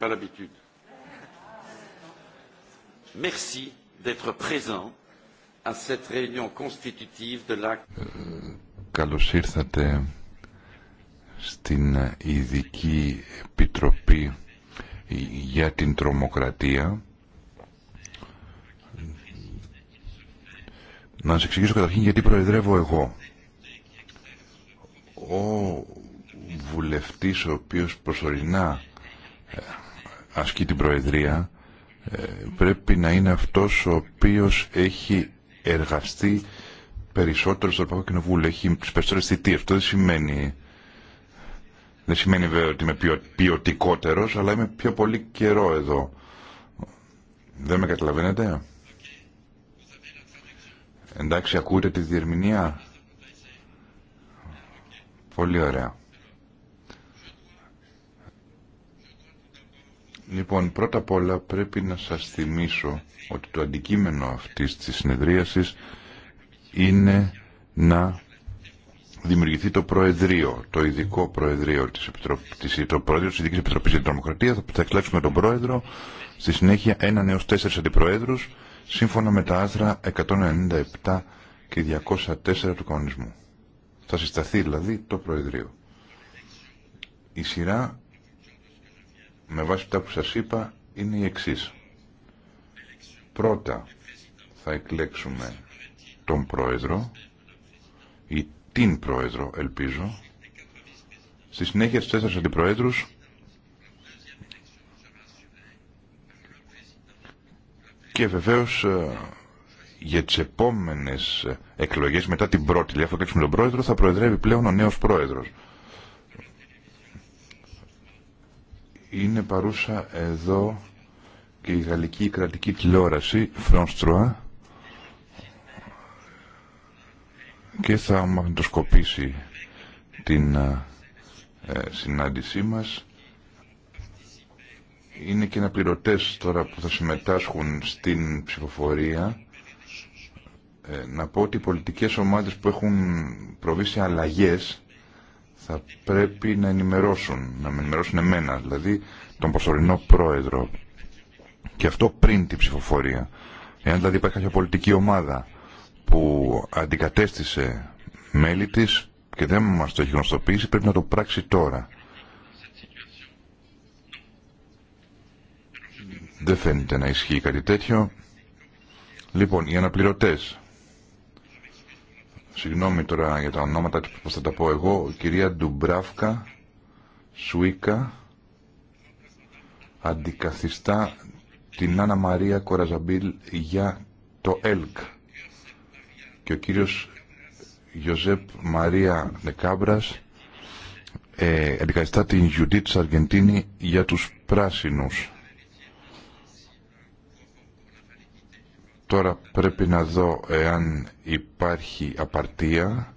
Pas Καλώς ήρθατε στην Ειδική Επιτροπή για την Τρομοκρατία. Να σας εξηγήσω καταρχήν γιατί προεδρεύω εγώ. Ο βουλευτής ο οποίος προσωρινά ε, ασκεί την Προεδρία ε, πρέπει να είναι αυτός ο οποίος έχει εργαστεί περισσότερο στο Ευρωπαϊκό Κοινοβούλιο, έχει τις περισσότερες θητείες. Αυτό δεν σημαίνει, δεν σημαίνει βέβαια ότι είμαι ποιοτικότερο, αλλά είμαι πιο πολύ καιρό εδώ. Δεν με καταλαβαίνετε. Εντάξει, ακούτε τη διερμηνία. Πολύ ωραία. Λοιπόν, πρώτα απ' όλα πρέπει να σας θυμίσω ότι το αντικείμενο αυτής της συνεδρίασης είναι να δημιουργηθεί το Προεδρείο, το ειδικό Προεδρείο της, επιτροπής Το της Ειδικής Επιτροπής για την Θα εκλέξουμε τον Πρόεδρο, στη συνέχεια έναν έως τέσσερις αντιπροέδρους, σύμφωνα με τα άθρα 197 και 204 του κανονισμού. Θα συσταθεί δηλαδή το Προεδρείο. Η σειρά με βάση αυτά που σας είπα είναι οι εξής. Πρώτα θα εκλέξουμε τον πρόεδρο ή την πρόεδρο ελπίζω. Στη συνέχεια στους τέσσερις αντιπροέδρους και βεβαίως ε, για τις επόμενες εκλογές μετά την πρώτη, δηλαδή αφού εκλέξουμε τον πρόεδρο, θα προεδρεύει πλέον ο νέος πρόεδρος. είναι παρούσα εδώ και η γαλλική κρατική τηλεόραση France και θα μαγνητοσκοπήσει την ε, ε, συνάντησή μας είναι και πληρωτές τώρα που θα συμμετάσχουν στην ψηφοφορία ε, να πω ότι οι πολιτικές ομάδες που έχουν προβεί σε αλλαγές θα πρέπει να ενημερώσουν, να με ενημερώσουν εμένα, δηλαδή τον προσωρινό πρόεδρο. Και αυτό πριν την ψηφοφορία. Εάν δηλαδή υπάρχει κάποια πολιτική ομάδα που αντικατέστησε μέλη της και δεν μας το έχει γνωστοποιήσει, πρέπει να το πράξει τώρα. Δεν φαίνεται να ισχύει κάτι τέτοιο. Λοιπόν, οι αναπληρωτές Συγγνώμη τώρα για τα ονόματα που θα τα πω εγώ. Κυρία Ντουμπράφκα, Σουίκα, αντικαθιστά την Άννα Μαρία Κοραζαμπίλ για το ΕΛΚ. Και ο κύριος Γιωζέπ Μαρία Νεκάμπρας ε, αντικαθιστά την Γιουντίτ Αργεντίνη για τους Πράσινους. Τώρα πρέπει να δω εάν υπάρχει απαρτία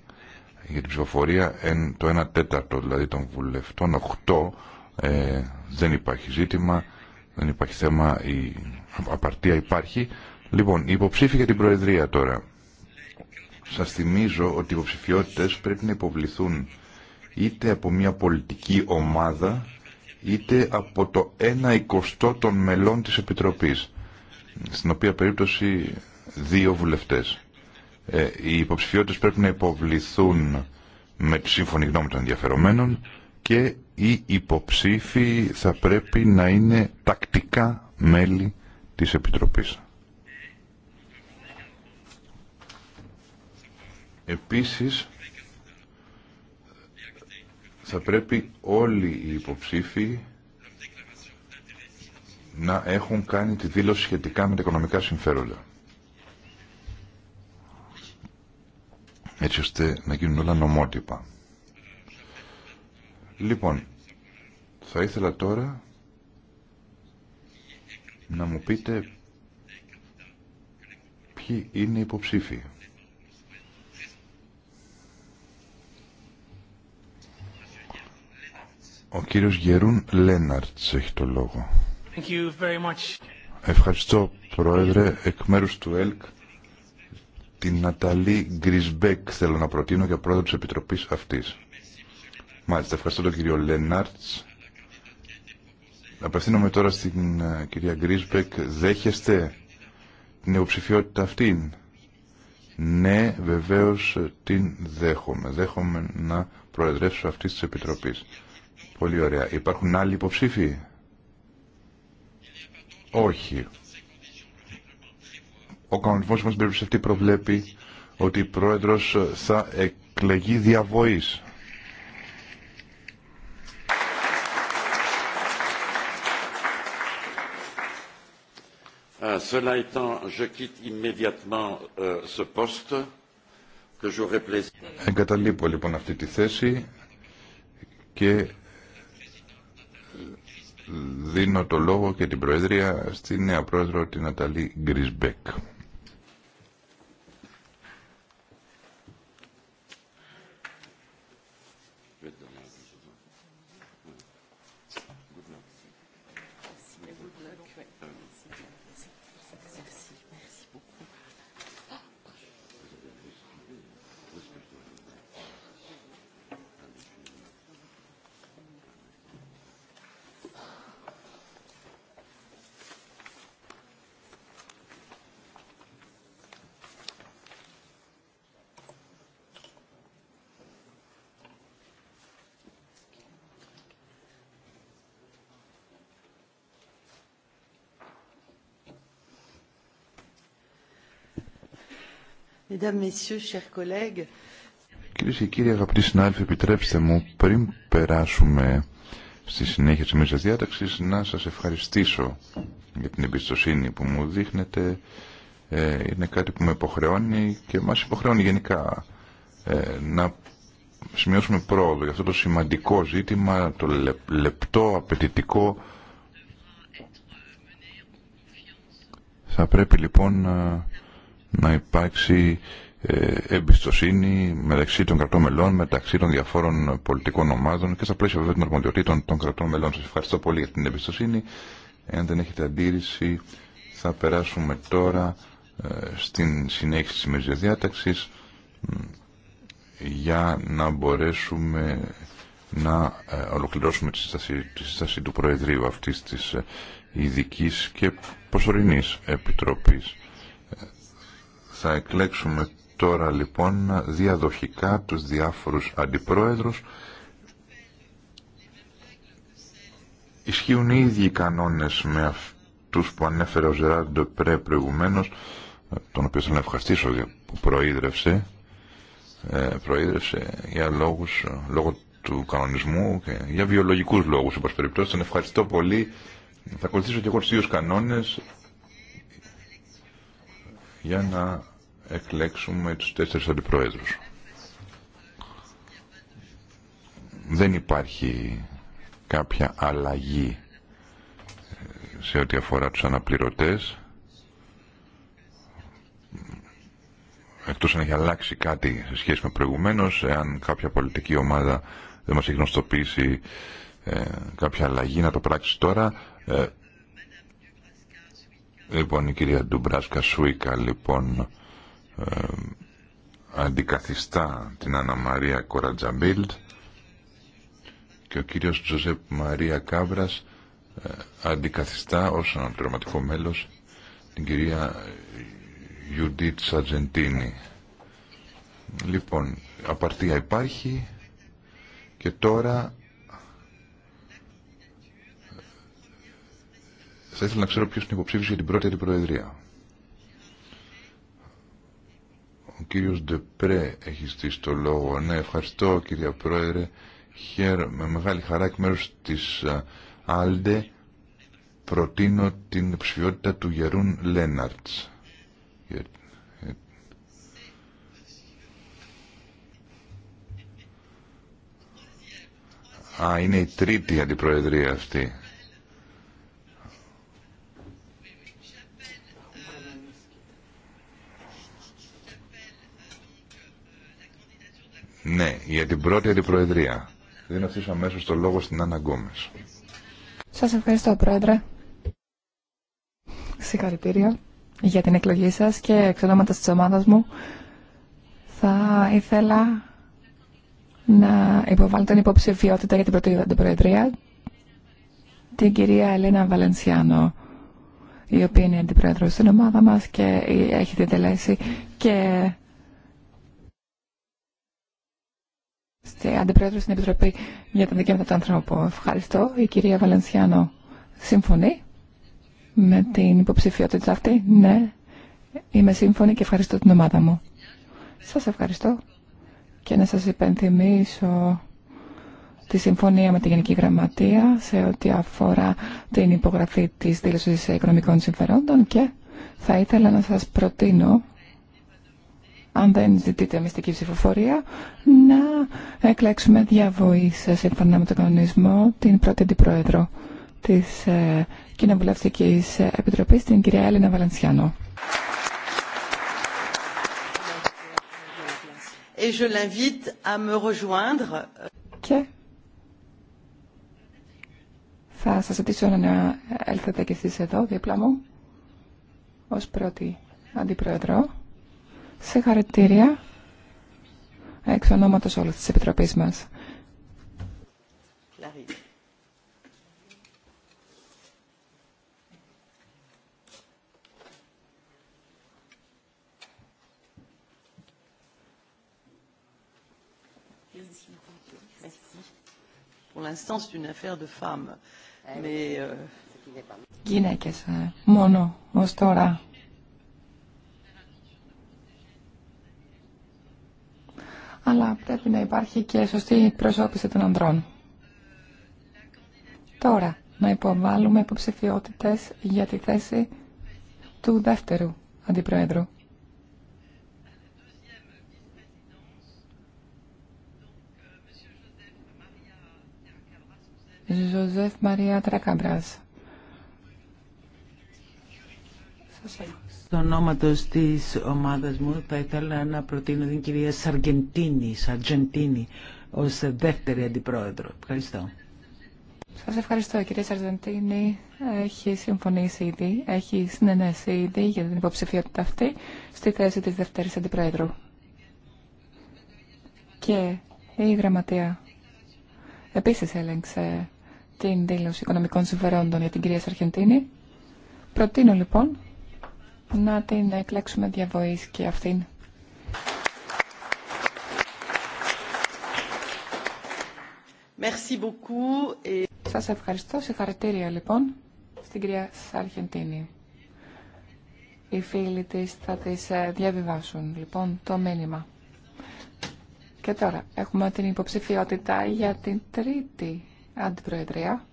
για την ψηφοφορία. Εν, το 1 τέταρτο δηλαδή των βουλευτών, 8 ε, δεν υπάρχει ζήτημα, δεν υπάρχει θέμα, η απαρτία υπάρχει. Λοιπόν, οι για την Προεδρία τώρα. Σας θυμίζω ότι οι υποψηφιότητες πρέπει να υποβληθούν είτε από μια πολιτική ομάδα, είτε από το 1 εικοστό των μελών της Επιτροπής στην οποία περίπτωση δύο βουλευτές. Ε, οι υποψηφιότητες πρέπει να υποβληθούν με τη σύμφωνη γνώμη των ενδιαφερομένων και οι υποψήφοι θα πρέπει να είναι τακτικά μέλη της Επιτροπής. Επίσης, θα πρέπει όλοι οι υποψήφοι να έχουν κάνει τη δήλωση σχετικά με τα οικονομικά συμφέροντα. Έτσι ώστε να γίνουν όλα νομότυπα. Λοιπόν, θα ήθελα τώρα να μου πείτε ποιοι είναι οι υποψήφοι. Ο κύριος Γερούν Λέναρτς έχει το λόγο. Ευχαριστώ, Πρόεδρε, εκ μέρου του ΕΛΚ. Την Ναταλή Γκρισμπέκ θέλω να προτείνω για πρόεδρο της Επιτροπής αυτής. Μάλιστα, ευχαριστώ τον κύριο Λενάρτς. Απευθύνομαι τώρα στην ε, κυρία Γκρίσμπεκ. Δέχεστε την υποψηφιότητα αυτήν. Ναι, βεβαίως ε, την δέχομαι. Δέχομαι να προεδρεύσω αυτής της Επιτροπής. Πολύ ωραία. Υπάρχουν άλλοι υποψήφοι. Όχι. Ο κανονισμός μας περίπτωση αυτή προβλέπει ότι η πρόεδρος θα εκλεγεί διαβοής. Ε, euh, Εγκαταλείπω λοιπόν αυτή τη θέση και δίνω το λόγο και την Προεδρία στη νέα Πρόεδρο την Αταλή Γκρισμπέκ. Κυρίε και κύριοι αγαπητοί συνάδελφοι, επιτρέψτε μου πριν περάσουμε στη συνέχεια της μέσα διάταξης να σας ευχαριστήσω για την εμπιστοσύνη που μου δείχνετε. Ε, είναι κάτι που με υποχρεώνει και μας υποχρεώνει γενικά ε, να σημειώσουμε πρόοδο για αυτό το σημαντικό ζήτημα, το λεπτό, απαιτητικό. Θα πρέπει λοιπόν να να υπάρξει ε, εμπιστοσύνη μεταξύ των κρατών μελών, μεταξύ των διαφόρων πολιτικών ομάδων και στα πλαίσια βέβαια των αρμοδιοτήτων των κρατών μελών. Σας ευχαριστώ πολύ για την εμπιστοσύνη. Εάν δεν έχετε αντίρρηση θα περάσουμε τώρα ε, στην συνέχιση της ημερής διάταξης για να μπορέσουμε να ε, ολοκληρώσουμε τη σύσταση, του Προεδρείου αυτής της ειδική και προσωρινής επιτροπής. Θα εκλέξουμε τώρα λοιπόν διαδοχικά τους διάφορους αντιπρόεδρους. Ισχύουν οι ίδιοι οι κανόνες με αυτούς που ανέφερε ο Ζεράντο Πρέ προηγουμένως, τον οποίο θέλω να ευχαριστήσω που προείδρευσε, ε, προείδρευσε για λόγους, λόγω του κανονισμού και για βιολογικούς λόγους, όπως περιπτώσει. Τον ευχαριστώ πολύ. Θα ακολουθήσω και εγώ τους ίδιους κανόνες για να εκλέξουμε τους τέσσερις αντιπροέδρους. Δεν υπάρχει κάποια αλλαγή ε, σε ό,τι αφορά τους αναπληρωτές. Εκτός αν έχει αλλάξει κάτι σε σχέση με προηγουμένως, εάν κάποια πολιτική ομάδα δεν μας έχει γνωστοποιήσει ε, κάποια αλλαγή να το πράξει τώρα. Ε, λοιπόν, η κυρία Ντουμπράσκα Σουίκα, λοιπόν, ε, αντικαθιστά την Αναμαρία Μαρία Κορατζαμπίλτ και ο κύριος Τζοζέπ Μαρία Κάβρας ε, αντικαθιστά ως αναπληρωματικό μέλος την κυρία Γιουντίτ Σατζεντίνη. Λοιπόν, απαρτία υπάρχει και τώρα θα ήθελα να ξέρω ποιος είναι υποψήφιος για την πρώτη προεδρία. Ο κύριος Ντεπρέ έχει στήσει το λόγο. Ναι, ευχαριστώ κύριε Πρόεδρε. με μεγάλη χαρά εκ μέρους της ε, Άλντε προτείνω την ψηφιότητα του Γερούν Λέναρτς. Α, είναι η τρίτη αντιπροεδρία αυτή. Ναι, για την πρώτη αντιπροεδρία. Δίνω αυτή αμέσως το λόγο στην Άννα Γκόμες. Σας ευχαριστώ, Πρόεδρε. Συγχαρητήρια για την εκλογή σας και εξ ονόματο τη ομάδα μου θα ήθελα να υποβάλω την υποψηφιότητα για την πρώτη αντιπροεδρία την κυρία Ελένα Βαλενσιάνο η οποία είναι αντιπρόεδρος στην ομάδα μας και έχει διτελέσει και Στην Αντιπρόεδρο στην Επιτροπή για τα Δικαιώματα του Ανθρώπου. Ευχαριστώ. Η κυρία Βαλενσιάνο συμφωνεί με την υποψηφιότητα αυτή. Ναι, είμαι σύμφωνη και ευχαριστώ την ομάδα μου. Σας ευχαριστώ και να σα υπενθυμίσω τη συμφωνία με τη Γενική Γραμματεία σε ό,τι αφορά την υπογραφή της δήλωσης οικονομικών συμφερόντων και θα ήθελα να σας προτείνω αν δεν ζητείτε μυστική ψηφοφορία, να εκλέξουμε σε σύμφωνα με τον κανονισμό την πρώτη αντιπρόεδρο τη ε, Κοινοβουλευτικής Επιτροπής, την κυρία Έλληνα Βαλανσιάνο. Και θα σα ζητήσω να έλθετε κι εσεί εδώ δίπλα μου ω πρώτη αντιπρόεδρο. Συγχαρητήρια εξ ονόματο όλη της επιτροπή μας. Euh, Γυναίκες ε, μόνο ως τώρα. αλλά πρέπει να υπάρχει και σωστή προσώπηση των ανδρών. Τώρα, να υποβάλουμε υποψηφιότητε για τη θέση του δεύτερου αντιπρόεδρου. Ζωζεφ Μαρία Τρακάμπρας. Σας στο ονόματο τη ομάδα μου θα ήθελα να προτείνω την κυρία Σαργεντίνη, Σαργεντίνη ως δεύτερη αντιπρόεδρο. Ευχαριστώ. Σα ευχαριστώ κυρία Σαργεντίνη. Έχει συμφωνήσει ήδη, έχει συνενέσει ήδη για την υποψηφιότητα αυτή στη θέση τη δεύτερη αντιπρόεδρου. Και η γραμματεία επίση έλεγξε την δήλωση οικονομικών συμφερόντων για την κυρία Σαργεντίνη. Προτείνω λοιπόν να την εκλέξουμε διαβοής και αυτήν. Σας ευχαριστώ. Συγχαρητήρια λοιπόν στην κυρία Σαρχεντίνη. Οι φίλοι της θα της ε, διαβιβάσουν λοιπόν το μήνυμα. Και τώρα έχουμε την υποψηφιότητα για την τρίτη αντιπροεδρία.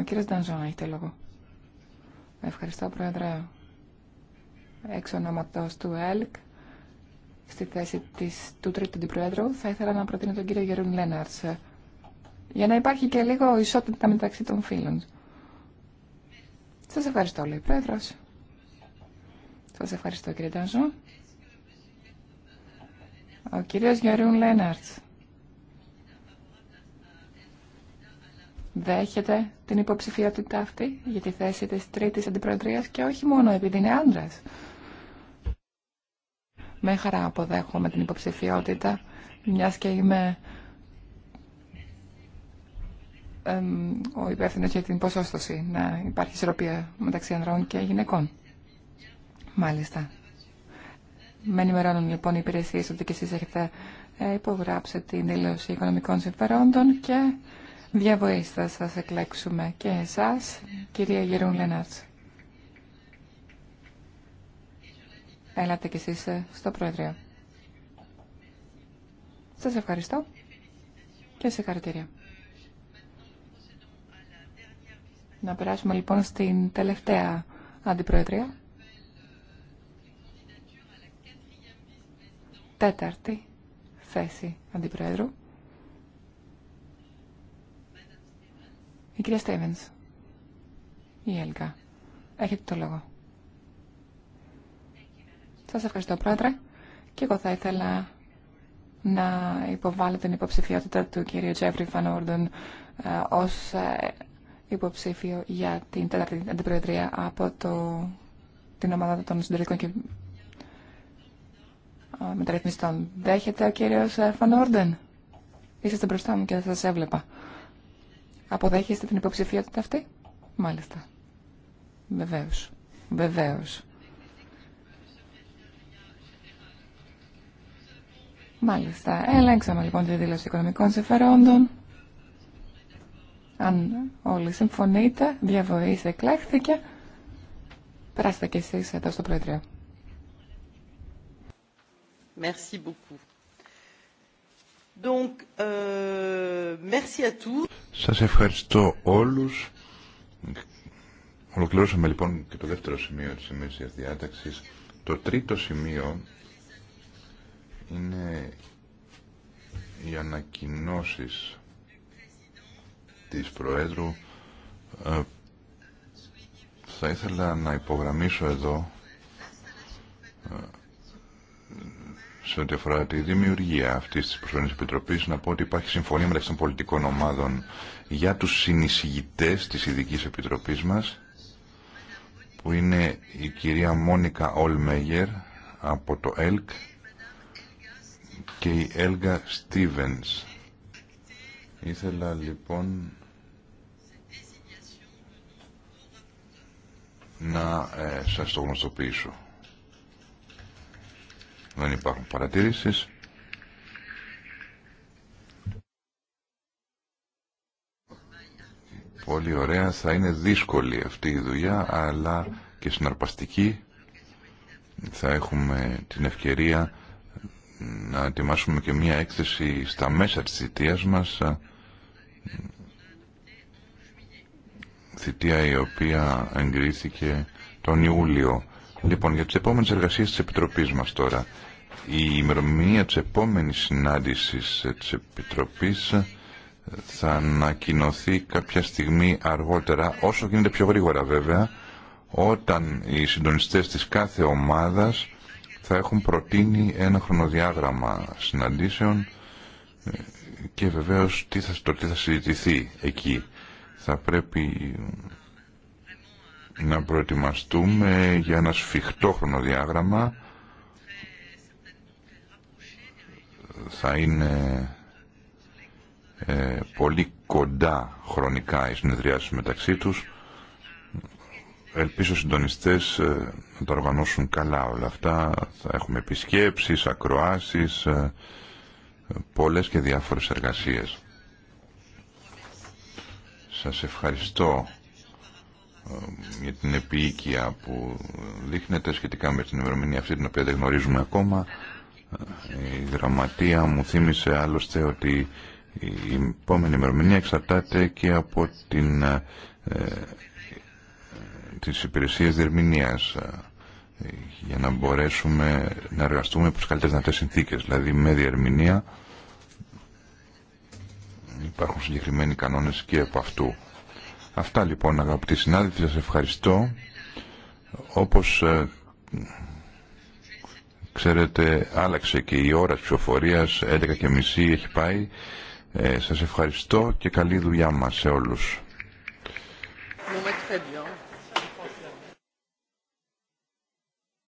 Ο κύριος Ντανζόν έχετε λόγο. Ευχαριστώ, Πρόεδρε. Εξ ονόματος του ΕΛΚ, στη θέση της, του τρίτου πρόεδρου, θα ήθελα να προτείνω τον κύριο Γερούν Λέναρτς, για να υπάρχει και λίγο ισότητα μεταξύ των φίλων. Σας ευχαριστώ, λέει Πρόεδρος. Σας ευχαριστώ, κύριε Ντανζόν. Ο κύριος Γερούν Λέναρτ. δέχεται την υποψηφιότητα αυτή για τη θέση της τρίτης αντιπροεδρίας και όχι μόνο επειδή είναι άντρας. Με χαρά αποδέχομαι την υποψηφιότητα, μιας και είμαι ο υπεύθυνο για την ποσόστοση, να υπάρχει ισορροπία μεταξύ ανδρών και γυναικών. Μάλιστα. Με ενημερώνουν λοιπόν οι υπηρεσίε ότι και εσεί έχετε ε, υπογράψει την δήλωση οικονομικών συμφερόντων και Διαβοής θα σας εκλέξουμε και εσάς, κυρία Γερούν Λενάτς. Έλατε κι εσείς ε, στο Προεδρείο. Σας ευχαριστώ και σε χαρακτηρία. Να περάσουμε λοιπόν στην τελευταία αντιπροεδρία. Τέταρτη θέση αντιπροέδρου. Η κυρία Στέβενς. Η Έλκα. Έχετε το λόγο. Σας ευχαριστώ πρόεδρε. Και εγώ θα ήθελα να υποβάλω την υποψηφιότητα του κυρίου Τζέφρι Φανόρντον ε, ως ε, υποψήφιο για την τέταρτη αντιπροεδρία από το, την ομάδα των συντηρητικών και ε, μεταρρυθμιστών. Δέχεται ο κύριος Φανόρντον. Είστε μπροστά μου και δεν σας έβλεπα. Αποδέχεστε την υποψηφιότητα αυτή? Μάλιστα. Βεβαίως. Βεβαίως. Μάλιστα. Ελέγξαμε λοιπόν τη δήλωση οικονομικών συμφερόντων. Αν όλοι συμφωνείτε, διαβοή εκλέχθηκε. Περάστε και εσείς εδώ στο Προεδρείο. Merci beaucoup. Euh, Σας ευχαριστώ όλους. Ολοκληρώσαμε λοιπόν και το δεύτερο σημείο της ημέρησιας διάταξης. Το τρίτο σημείο είναι οι ανακοινώσει της Προέδρου. Ε, θα ήθελα να υπογραμμίσω εδώ σε ό,τι αφορά τη δημιουργία αυτής της προσωρινή Επιτροπής να πω ότι υπάρχει συμφωνία μεταξύ των πολιτικών ομάδων για τους συνεισηγητέ τη ειδική επιτροπή μας που είναι η κυρία Μόνικα Ολμέγερ από το ΕΛΚ και η Έλγα Στίβενς. Ήθελα λοιπόν να ε, σας το γνωστοποιήσω. Δεν υπάρχουν παρατηρήσεις. Πολύ ωραία. Θα είναι δύσκολη αυτή η δουλειά, αλλά και συναρπαστική. Θα έχουμε την ευκαιρία να ετοιμάσουμε και μία έκθεση στα μέσα της θητείας μας. Θητεία η οποία εγκρίθηκε τον Ιούλιο. Λοιπόν, για τις επόμενες εργασίες της Επιτροπής μας τώρα. Η ημερομηνία της επόμενης συνάντησης της Επιτροπής θα ανακοινωθεί κάποια στιγμή αργότερα, όσο γίνεται πιο γρήγορα βέβαια, όταν οι συντονιστές της κάθε ομάδας θα έχουν προτείνει ένα χρονοδιάγραμμα συναντήσεων και βεβαίως το τι θα συζητηθεί εκεί. Θα πρέπει να προετοιμαστούμε για ένα σφιχτό χρονοδιάγραμμα. Θα είναι ε, πολύ κοντά χρονικά οι συνεδριάσεις μεταξύ τους. Ελπίζω συντονιστές ε, να τα οργανώσουν καλά όλα αυτά. Θα έχουμε επισκέψεις, ακροάσεις, ε, και διάφορες εργασίες. Σας ευχαριστώ ε, για την επίοικια που δείχνεται σχετικά με την ημερομηνία αυτή την οποία δεν γνωρίζουμε ακόμα. Ε, η γραμματεία μου θύμισε άλλωστε ότι η επόμενη ημερομηνία εξαρτάται και από την, ε, ε τις υπηρεσίες διερμηνίας για να μπορέσουμε να εργαστούμε από τις καλύτερες δυνατές συνθήκες, δηλαδή με διερμηνία υπάρχουν συγκεκριμένοι κανόνες και από αυτού. Αυτά λοιπόν αγαπητοί συνάδελφοι, σας ευχαριστώ. Όπως ε, ξέρετε άλλαξε και η ώρα της ψηφοφορίας, 11.30 έχει πάει. Ε, σας ευχαριστώ και καλή δουλειά μας σε όλους.